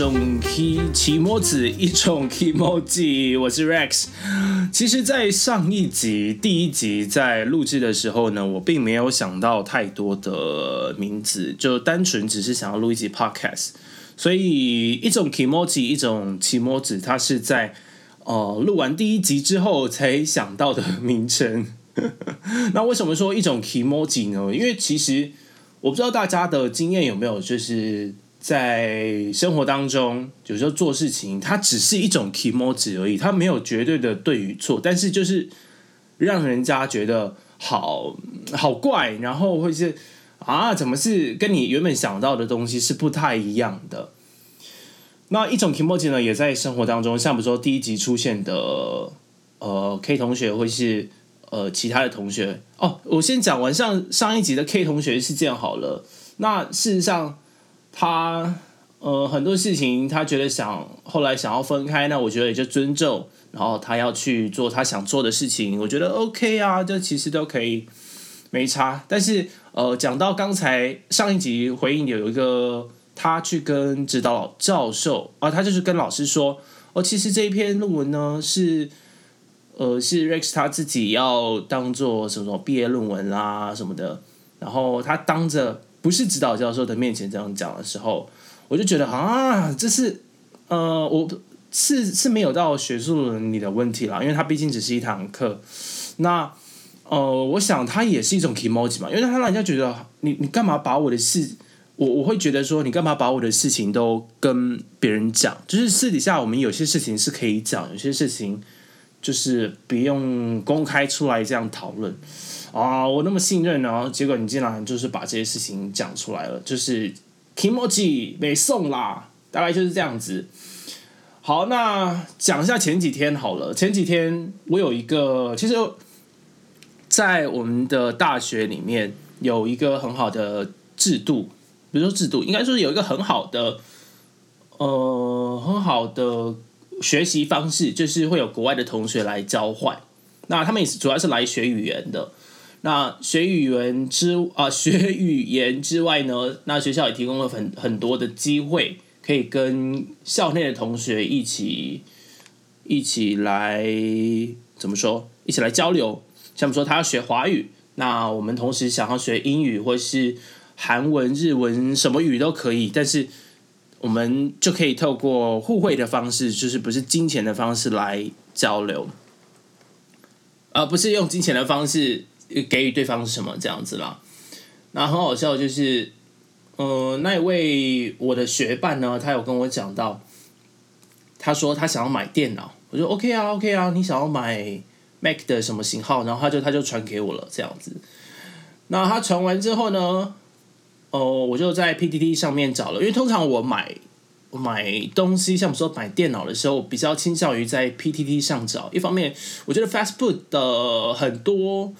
一種キモジ，一種キモジ。我是 Rex。其實，在上一集第一集在錄製的時候呢，我並沒有想到太多的名字，就單純只是想要錄一集 Podcast。所以一，一種キモジ，一種キモジ，它是在呃錄完第一集之後才想到的名稱。 那為什麼說一種キモジ呢？因為其實我不知道大家的經驗有沒有，就是。在生活當中，有時候做事情，它只是一種気持ち而已，它沒有絕對的對與錯，但是就是讓人家覺得好好怪，然後或是啊，怎麼是跟你原本想到的東西是不太一樣的？那一種気持ち呢，也在生活當中，像比如說第一集出現的呃 K 同學，或是呃其他的同學哦，我先講完，上上一集的 K 同學是這樣好了，那事實上。他呃很多事情，他覺得想後來想要分開，那我覺得也就尊重。然後他要去做他想做的事情，我覺得 OK 啊，這其實都可以，沒差。但是呃，講到剛才上一集回應有一個，他去跟指導老教授啊、呃，他就是跟老師說，哦、呃，其實這一篇論文呢是呃是 Rex 他自己要當做什麼，什麼畢業論文啦什麼的，然後他當着。不是指導教授的面前這樣講的時候，我就覺得啊，這是呃，我是是沒有到學術倫理的問題啦，因為他畢竟只是一堂課。那呃，我想它也是一種 kimoji 嘛，因為他讓人家覺得你你幹嘛把我的事，我我會覺得說你幹嘛把我的事情都跟別人講，就是私底下我們有些事情是可以講，有些事情。就是不用公開出來這樣討論啊！我那麼信任呢，啊，結果你竟然就是把這些事情講出來了，就是 kimochi 沒送啦，大概就是這樣子。好，那講一下前幾天好了。前幾天我有一個，其實，在我們的大學裡面有一個很好的制度，比如說制度，應該說有一個很好的，呃，很好的。學習方式就是會有國外的同學來交換，那他們也是主要是來學語言的。那學語言之啊，學語言之外呢，那學校也提供了很很多的機會，可以跟校內的同學一起一起來怎麼說？一起來交流。像說他要學華語，那我們同時想要學英語或是韓文、日文，什麼語都可以，但是。我們就可以透過互惠的方式，就是不是金錢的方式來交流，而、呃、不是用金錢的方式給予對方什麼這樣子啦。那很好笑，就是嗯、呃，那一位我的學伴呢，他有跟我講到，他說他想要買電腦，我說 OK 啊，OK 啊，你想要買 Mac 的什麼型號？然後他就他就傳給我了這樣子。那他傳完之後呢？哦、呃，我就在 P T T 上面找了，因為通常我買我買東西，像我說買電腦的時候，比較傾向於在 P T T 上找。一方面，我覺得 Facebook 的很多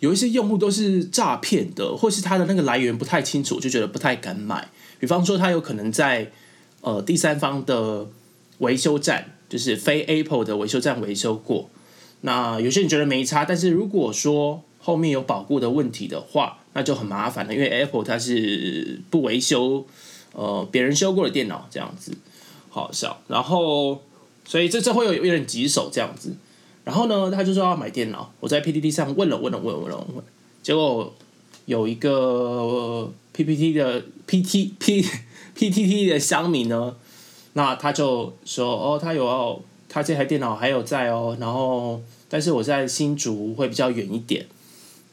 有一些用戶都是詐騙的，或是他的那個來源不太清楚，就覺得不太敢買。比方說，他有可能在呃第三方的維修站，就是非 Apple 的維修站維修過。那有些人覺得沒差，但是如果說後面有保固的問題的話，那就很麻煩了，因為 Apple 它是不維修，呃，別人修過的電腦這樣子，好笑。然後，所以這這會有一點棘手，這樣子。然後呢，他就說要買電腦，我在 PTT 上問了問了問了問了，結果有一個、呃、PPT 的 PTP PTT 的鄉民呢，那他就說，哦，他有、哦、他這台電腦還有在，哦，然後，但是我在新竹會比較遠一點。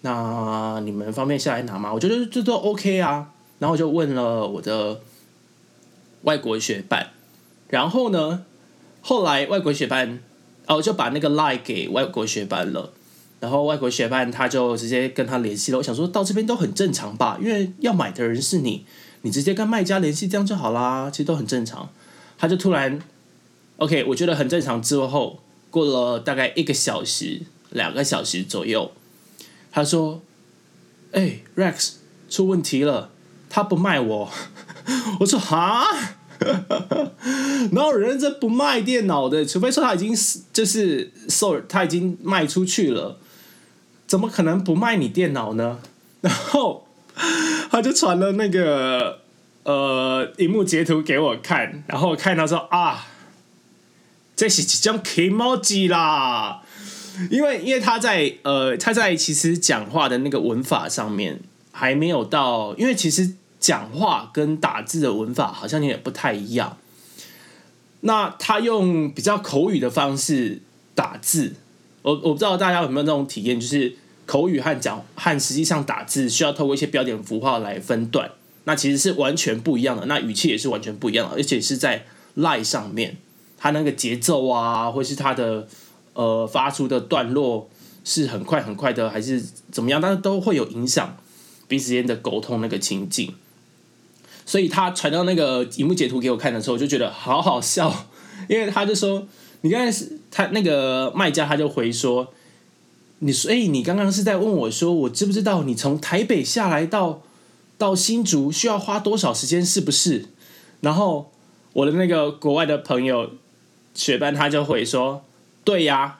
那你們方便下來拿嗎？我覺得這都 OK 啊。然後我就問了我的外國學伴，然後呢，後來外國學伴哦，我就把那個 LINE 給外國學伴了。然後外國學伴他就直接跟他聯繫了。我想說到這邊都很正常吧，因為要買的人是你，你直接跟賣家聯繫這樣就好啦，其實都很正常。他就突然 OK，我覺得很正常。之後過了大概一個小時、兩個小時左右。他說：“哎、欸、，Rex 出問題了，他不賣我。 ”我說：“啊！” 然後人家不賣電腦的，除非說他已經就是售，他已經賣出去了，怎麼可能不賣你電腦呢？然後他就傳了那個呃，螢幕截圖給我看，然後我看他說啊，這是幾張 Kimoji 啦。因為，因為他在呃，他在其實講話的那個文法上面還沒有到，因為其實講話跟打字的文法好像也不太一樣。那他用比較口語的方式打字，我我不知道大家有沒有那種體驗，就是口語和講和實際上打字需要透過一些標點符號來分段，那其實是完全不一樣的，那語氣也是完全不一樣的，而且是在賴上面，他那個節奏啊，或者是他的。呃，發出的段落是很快很快的，還是怎麼樣？但是都會有影響彼此間的溝通那個情境。所以他傳到那個熒幕截圖給我看的時候，我就覺得好好笑，因為他就說：“你剛才是他，那個賣家他就回說，你說哎、欸，你剛剛是在問我說，我知不知道你從台北下來到，到新竹需要花多少時間，是不是？”然後我的那個國外的朋友雪班他就回說。對呀，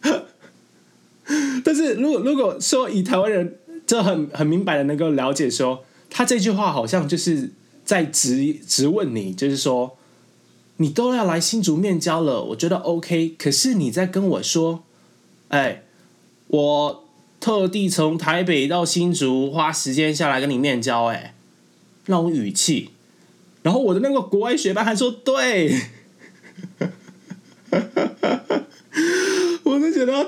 但是，如果如果說以台灣人這很很明白的能夠了解說，說他這句話好像就是在質質問你，就是說你都要來新竹面交了，我覺得 OK。可是你在跟我說，哎、欸，我特地從台北到新竹花時間下來跟你面交，欸，哎，那種語氣，然後我的那個國外學霸還說對。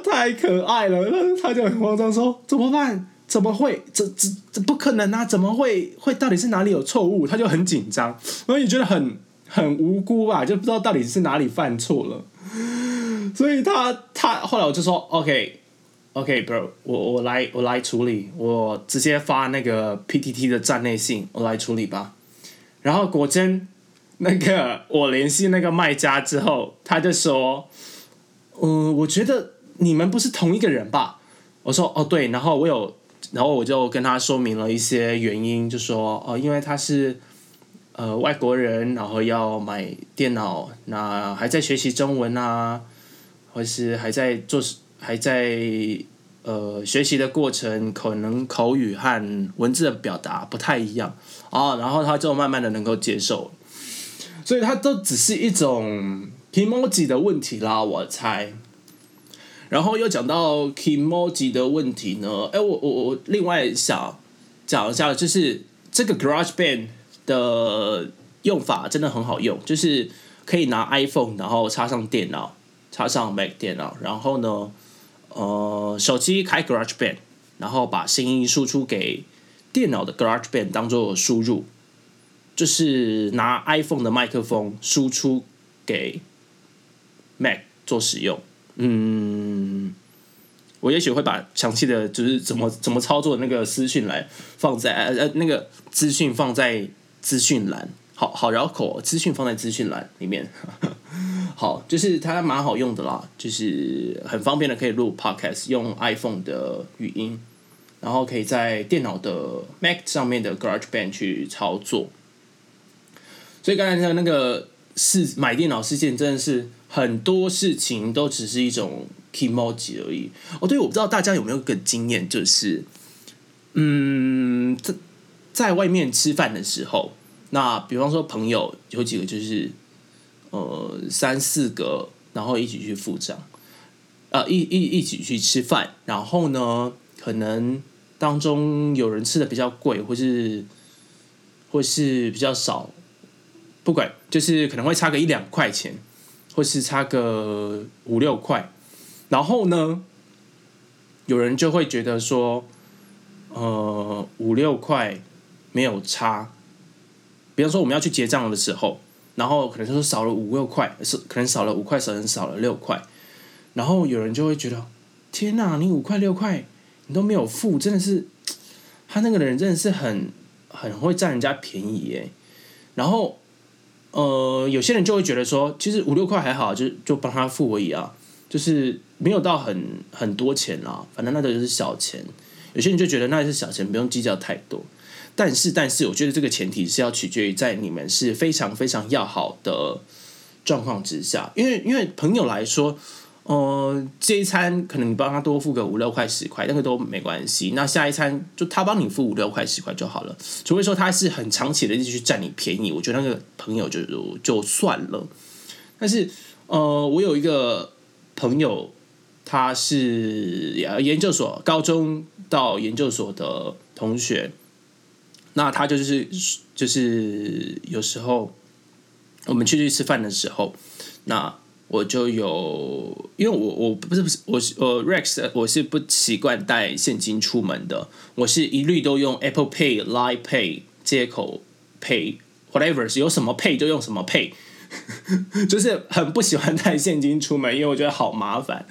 太可愛了，但是他就很慌張，說怎麼辦？怎麼會？這這這不可能啊！怎麼會？會到底是哪裡有錯誤？他就很緊張，然後也覺得很很無辜吧，就不知道到底是哪裡犯錯了。所以他他後來我就說，OK OK，bro，我我來我來處理，我直接發那個 PTT 的站內信，我來處理吧。然後果真，那個我聯繫那個賣家之後，他就說，嗯、呃，我覺得。你們不是同一個人吧？我說哦對，然後我有，然後我就跟他說明了一些原因，就說哦，因為他是呃外國人，然後要買電腦，那還在學習中文啊，或是還在做，還在呃學習的過程，可能口語和文字的表達不太一樣啊、哦，然後他就慢慢的能夠接受，所以他都只是一種 emoji 的問題啦，我猜。然後又講到 Kimoji 的問題呢，哎，我我我另外想講一下，就是這個 GarageBand 的用法真的很好用，就是可以拿 iPhone 然後插上電腦，插上 Mac 電腦，然後呢，呃，手機開 GarageBand，然後把聲音輸出給電腦的 GarageBand 當做輸入，就是拿 iPhone 的麥克風輸出給 Mac 做使用。嗯，我也許會把詳細的就是怎麼怎麼操作的那個資訊來放在呃呃那個資訊放在資訊欄，好，好繞口哦，資訊放在資訊欄裡面。 好，就是它還蠻好用的啦，就是很方便的可以錄 Podcast，用 iPhone 的語音，然後可以在電腦的 Mac 上面的 GarageBand 去操作。所以剛才那個那個。是，買電腦事件真的是很多事情都只是一種 kimochi 而已。哦，對，我不知道大家有沒有個經驗，就是，嗯，在在外面吃飯的時候，那比方說朋友有幾個，就是呃三四個，然後一起去付賬，啊、呃、一一一起去吃飯，然後呢，可能當中有人吃的比較貴，或是或是比較少。不管就是可能會差個一兩塊錢，或是差個五六塊，然後呢，有人就會覺得說，呃，五六塊沒有差。比方說我們要去結賬的時候，然後可能就是少了五六塊，是可能少了五塊，少人少了六塊，然後有人就會覺得，天哪，你五塊六塊，你都沒有付，真的是，他那個人真的是很很會佔人家便宜耶，然後。呃，有些人就會覺得說，其實五六塊還好，就就幫他付而已啊，就是沒有到很很多錢啊。反正那個就是小錢。有些人就覺得那是小錢，不用計較太多。但是，但是，我覺得這個前提是要取決於在你們是非常非常要好的狀況之下，因為，因為朋友來說。呃、嗯，這一餐可能你幫他多付個五六塊十塊，那個都沒關係。那下一餐就他幫你付五六塊十塊就好了，除非說他是很長期的一直去占你便宜，我覺得那個朋友就就算了。但是呃，我有一個朋友，他是研研究所高中到研究所的同學，那他就是就是有時候我們出去吃飯的時候，那。我就有，因為我我不是不是我是呃，Rex，我是不習慣帶現金出門的，我是一律都用 Apple Pay、Line Pay 街口 Pay whatever 是有什麼 Pay 就用什麼 Pay， 就是很不喜歡帶現金出門，因為我覺得好麻煩。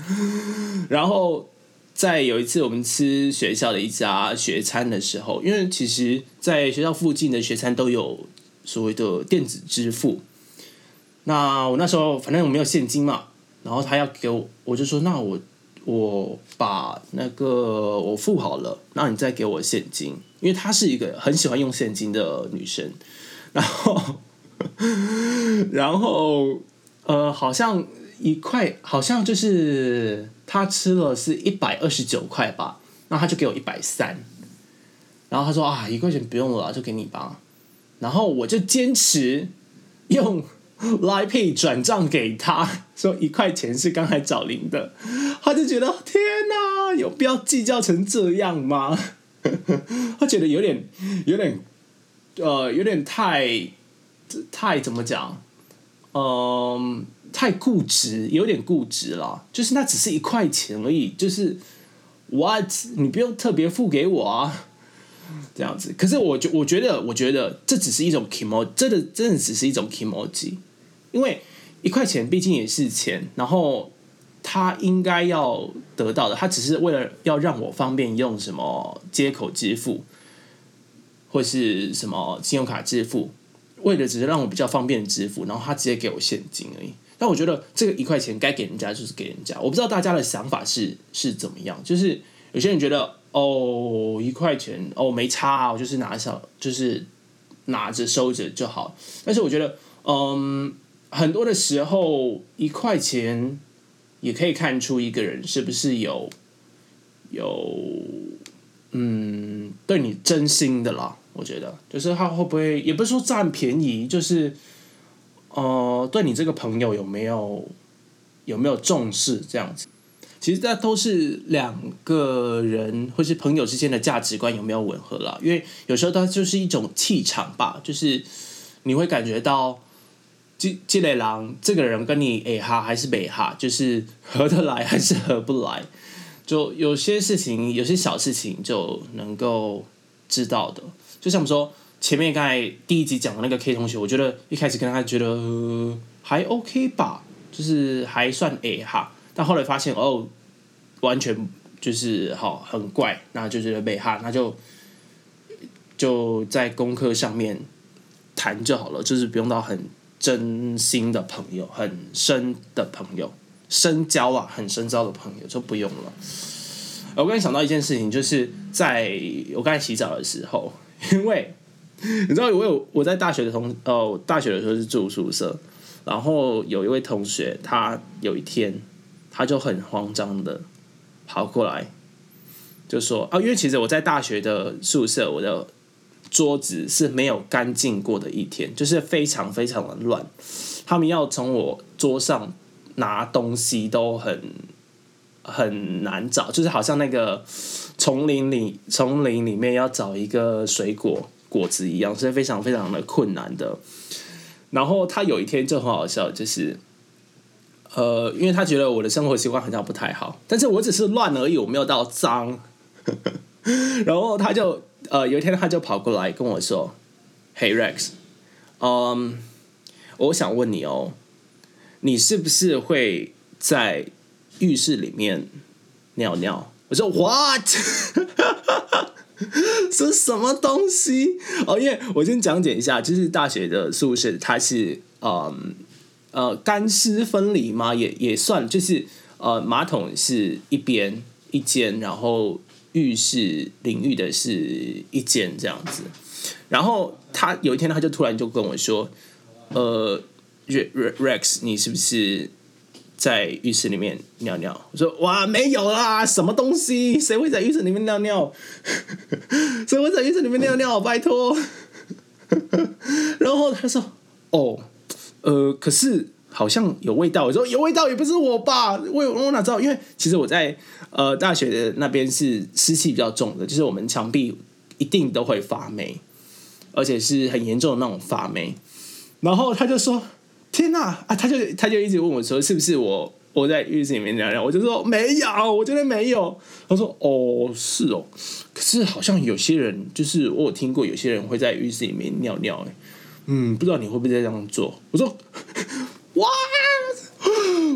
然後在有一次我們吃學校的一家學餐的時候，因為其實在學校附近的學餐都有所謂的電子支付。那我那時候反正我沒有現金嘛，然後他要給我，我就說：“那我我把那個我付好了，那你再給我現金。”因為她是一個很喜歡用現金的女生，然後然後呃，好像一塊，好像就是她吃了是一百二十九塊吧，那她就給我一百三，然後她說：“啊，一塊錢不用了，就給你吧。”然後我就堅持用來 pay 轉賬給他，說一塊錢是剛才找零的，他就覺得天哪、啊，有必要計較成這樣嗎？ 他覺得有點，有點，呃，有點太，太怎麼講？嗯、呃，太固執，有點固執了。就是那只是一塊錢而已，就是 what，你不用特別付給我啊。這樣子，可是我覺我覺得，我覺得這只是一種 kimo 真的真的只是一種 kimoji 因為一塊錢畢竟也是錢，然後他應該要得到的，他只是為了要讓我方便用什麼接口支付，或是什麼信用卡支付，為了只是讓我比較方便支付，然後他直接給我現金而已。但我覺得這個一塊錢該給人家就是給人家，我不知道大家的想法是是怎麼樣，就是有些人覺得。哦，一塊錢哦，沒差啊，我就是拿收，就是拿着收着就好。但是我覺得，嗯，很多的時候一塊錢也可以看出一個人是不是有有嗯對你真心的啦。我覺得就是他會不會也不是說占便宜，就是呃對你這個朋友有沒有有沒有重視這樣子。其實那都是兩個人或者是朋友之間的價值觀有沒有吻合了？因為有時候它就是一種氣場吧，就是你會感覺到這這類人，這個人跟你 A 哈還是 B 哈，就是合得來還是合不來。就有些事情，有些小事情就能夠知道的。就像我們說前面剛才第一集講的那個 K 同學，我覺得一開始跟他覺得、呃、還 OK 吧，就是還算 A 哈。但後來發現哦，完全就是好很怪，那就覺得被哈，那就就在功課上面談就好了，就是不用到很真心的朋友，很深的朋友，深交啊，很深交的朋友就不用了。我剛才想到一件事情，就是在我剛才洗澡的時候，因為你知道，我有我在大學的同哦、呃，大學的時候是住宿舍，然後有一位同學，他有一天。他就很慌張的跑過來，就說：“啊，因為其實我在大學的宿舍，我的桌子，是沒有乾淨過的一天，就是非常非常的亂。他們要從我桌上拿東西都很很難找，就是好像那個叢林裡叢林裡面要找一個水果果子一樣，所以非常非常的困難的。然後他有一天就很好笑，就是。”呃，因為他覺得我的生活習慣好像不太好，但是我只是亂而已，我沒有到髒。 然後他就呃有一天他就跑過來跟我說：“Hey Rex，嗯，um，我想問你哦，你是不是會在浴室裡面尿尿？”我說：“What？ 是什麼東西？”哦，因為我先講解一下，就是大學的宿舍它是嗯，um，呃，乾濕分離嘛，也也算，就是呃，馬桶是一邊一間，然後浴室淋浴的是一間這樣子。然後他有一天，他就突然就跟我說：“呃、R、R、Rex，你是不是在浴室裡面尿尿？”我說：“哇，沒有啦，什麼東西？誰會在浴室裡面尿尿？誰 會在浴室裡面尿尿？拜托。 ”然後他說：“哦。”呃，可是好像有味道。我說，有味道也不是我吧，我我哪知道？因為其實我在呃大學的那邊是濕氣比較重的，就是我們牆壁一定都會發霉，而且是很嚴重的那種發霉。然後他就說：“天哪啊！”他就他就一直問我說：“是不是我我在浴室裡面尿尿？”我就說：“沒有，我真的沒有。”他說：“哦，是哦，可是好像有些人，就是我有聽過有些人會在浴室裡面尿尿。”誒。嗯，不知道你會不會這樣做？我說，哇，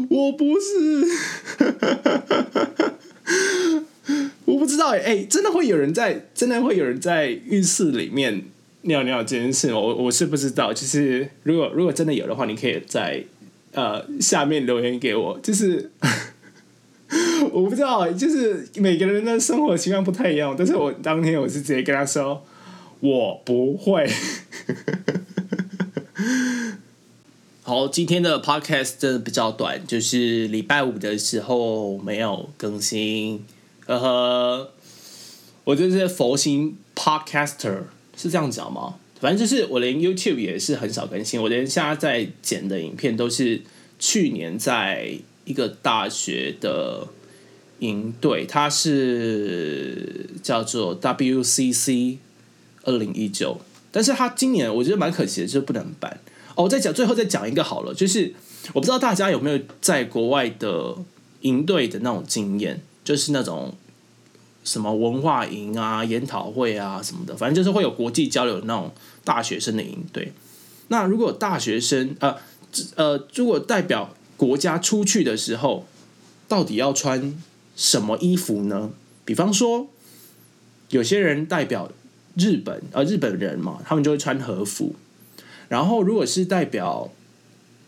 我不是， 我不知道哎、欸欸，真的會有人在，真的會有人在浴室裡面尿尿這件事，我我是不知道。就是如果如果真的有的話，你可以在呃下面留言給我。就是 我不知道，就是每個人的生活習慣不太一樣，但是我當天我是直接跟他說，我不會。 好，今天的 podcast 真的比較短，就是禮拜五的時候沒有更新。呵呵，我就是佛心 podcaster 是這樣講嗎？反正就是我連 YouTube 也是很少更新。我連現在在剪的影片都是去年在一個大學的營隊，它是叫做 WCC 二零一九。但是他今年我覺得蠻可惜的，就是不能辦。哦，我再講最後再講一個好了，就是我不知道大家有沒有在國外的營隊的那種經驗，就是那種什麼文化營啊、研討會啊什麼的，反正就是會有國際交流的那種大學生的營隊。那如果大學生啊呃，呃，如果代表國家出去的時候，到底要穿什麼衣服呢？比方說，有些人代表。日本呃，日本人嘛，他們就會穿和服。然後，如果是代表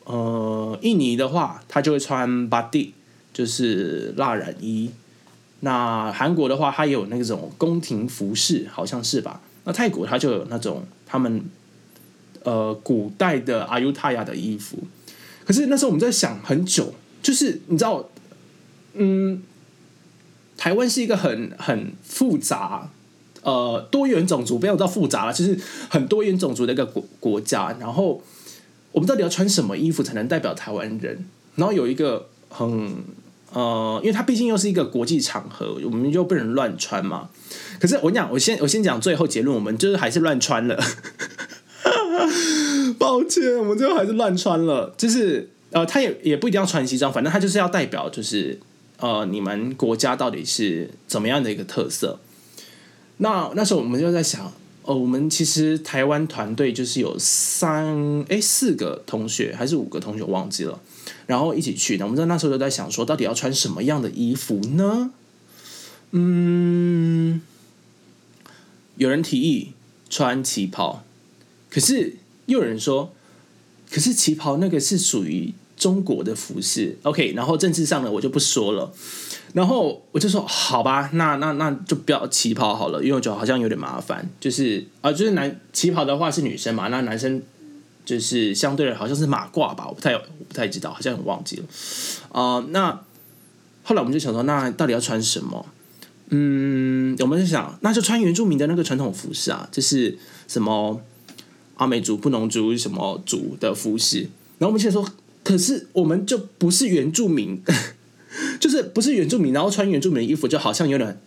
呃印尼的話，他就會穿 batik 就是蠟染衣。那韓國的話，他也有那種宮廷服飾，好像是吧？那泰國他就有那種他們呃古代的阿尤塔亞的衣服。可是那時候我們在想很久，就是你知道，嗯，台灣是一個很很複雜。呃，多元種族，不要到複雜了，就是很多元種族的一個國國家。然後我們到底要穿什麼衣服才能代表台灣人？然後有一個很呃，因為它畢竟又是一個國際場合，我們又不能亂穿嘛。可是我跟你講，我先我先講最後結論，我們就是還是亂穿了。 抱歉，我們最後還是亂穿了。就是呃，他也也不一定要穿西裝，反正他就是要代表，就是呃，你們國家到底是怎麼樣的一個特色。那那時候我們就在想，哦，我們其實台灣團隊就是有三，哎，四個同學還是五個同學，我忘記了，然後一起去的。我們在那時候就在想說，說到底要穿什麼樣的衣服呢？嗯，有人提議穿旗袍，可是又有人說，可是旗袍那個是屬於中國的服飾，OK，然後政治上呢，我就不說了。然後我就說好吧，那那那，那就不要旗袍好了，因為我覺得好像有點麻煩。就是啊、呃，就是男旗袍的話是女生嘛，那男生就是相對的好像是馬褂吧，我不太我不太知道，好像我忘記了啊、呃。那後來我們就想說，那到底要穿什麼？嗯，我們就想那就穿原住民的那個傳統服飾啊，就是什麼阿美族、布農族什麼族的服飾。然後我們現在說，可是我們就不是原住民，就是不是原住民，然後穿原住民的衣服，就好像有點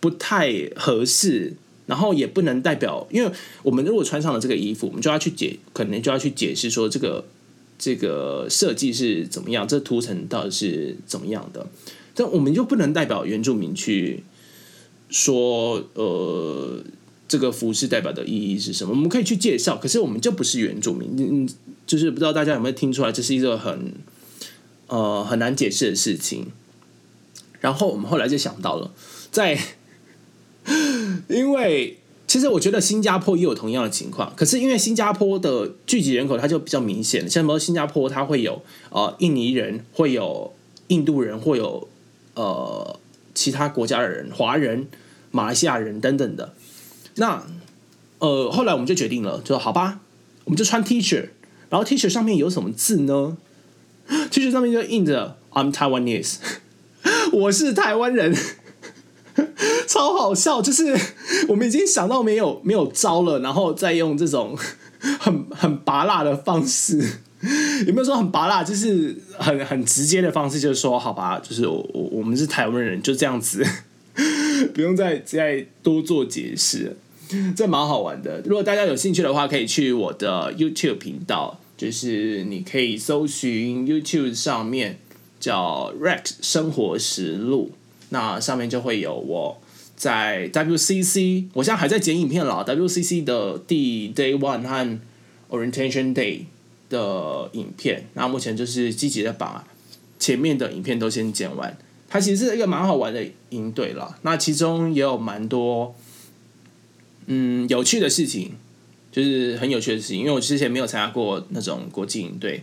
不太合適，然後也不能代表，因為我們如果穿上了這個衣服，我們就要去解，可能就要去解釋說這個這個設計是怎麼樣，這圖層到底是怎麼樣的，但我們就不能代表原住民去說，呃，這個服飾代表的意義是什麼？我們可以去介紹，可是我們就不是原住民，嗯，就是不知道大家有沒有聽出來，這是一個很。呃，很難解釋的事情。然後我們後來就想到了，在因為其實我覺得新加坡也有同樣的情況，可是因為新加坡的聚集人口，它就比較明顯，像比如說新加坡，它會有呃印尼人，會有印度人，會有呃其他國家的人，華人、馬來西亞人等等的。那呃，後來我們就決定了，就說好吧，我們就穿 T 恤，然後 T 恤上面有什麼字呢？其實上面就印着 I'm Taiwanese，我是台灣人，超好笑。就是我們已經想到沒有沒有招了，然後再用這種很很拔辣的方式，有沒有說很拔辣？就是很很直接的方式就是，就說好吧，就是我我我們是台灣人，就這樣子，不用再再多做解釋，這蠻好玩的。如果大家有興趣的話，可以去我的 YouTube 頻道。就是你可以搜尋 YouTube 上面叫 Rex 生活實錄，那上面就會有我在 WCC，我現在還在剪影片啦，WCC 的第 Day One 和 Orientation Day 的影片，那目前就是積極的把前面的影片都先剪完，它其實是一個蠻好玩的營隊啦，那其中也有蠻多，嗯，有趣的事情。就是很有趣的事情，因為我之前沒有參加過那種國際營隊，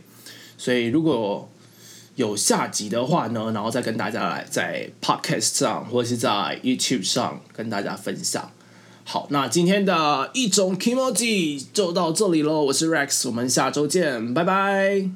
所以如果有下集的話呢，然後再跟大家來在 Podcast 上或者是在 YouTube 上跟大家分享。好，那今天的一種 Kimoji 就到這裡嘍，我是 Rex，我們下週見，拜拜。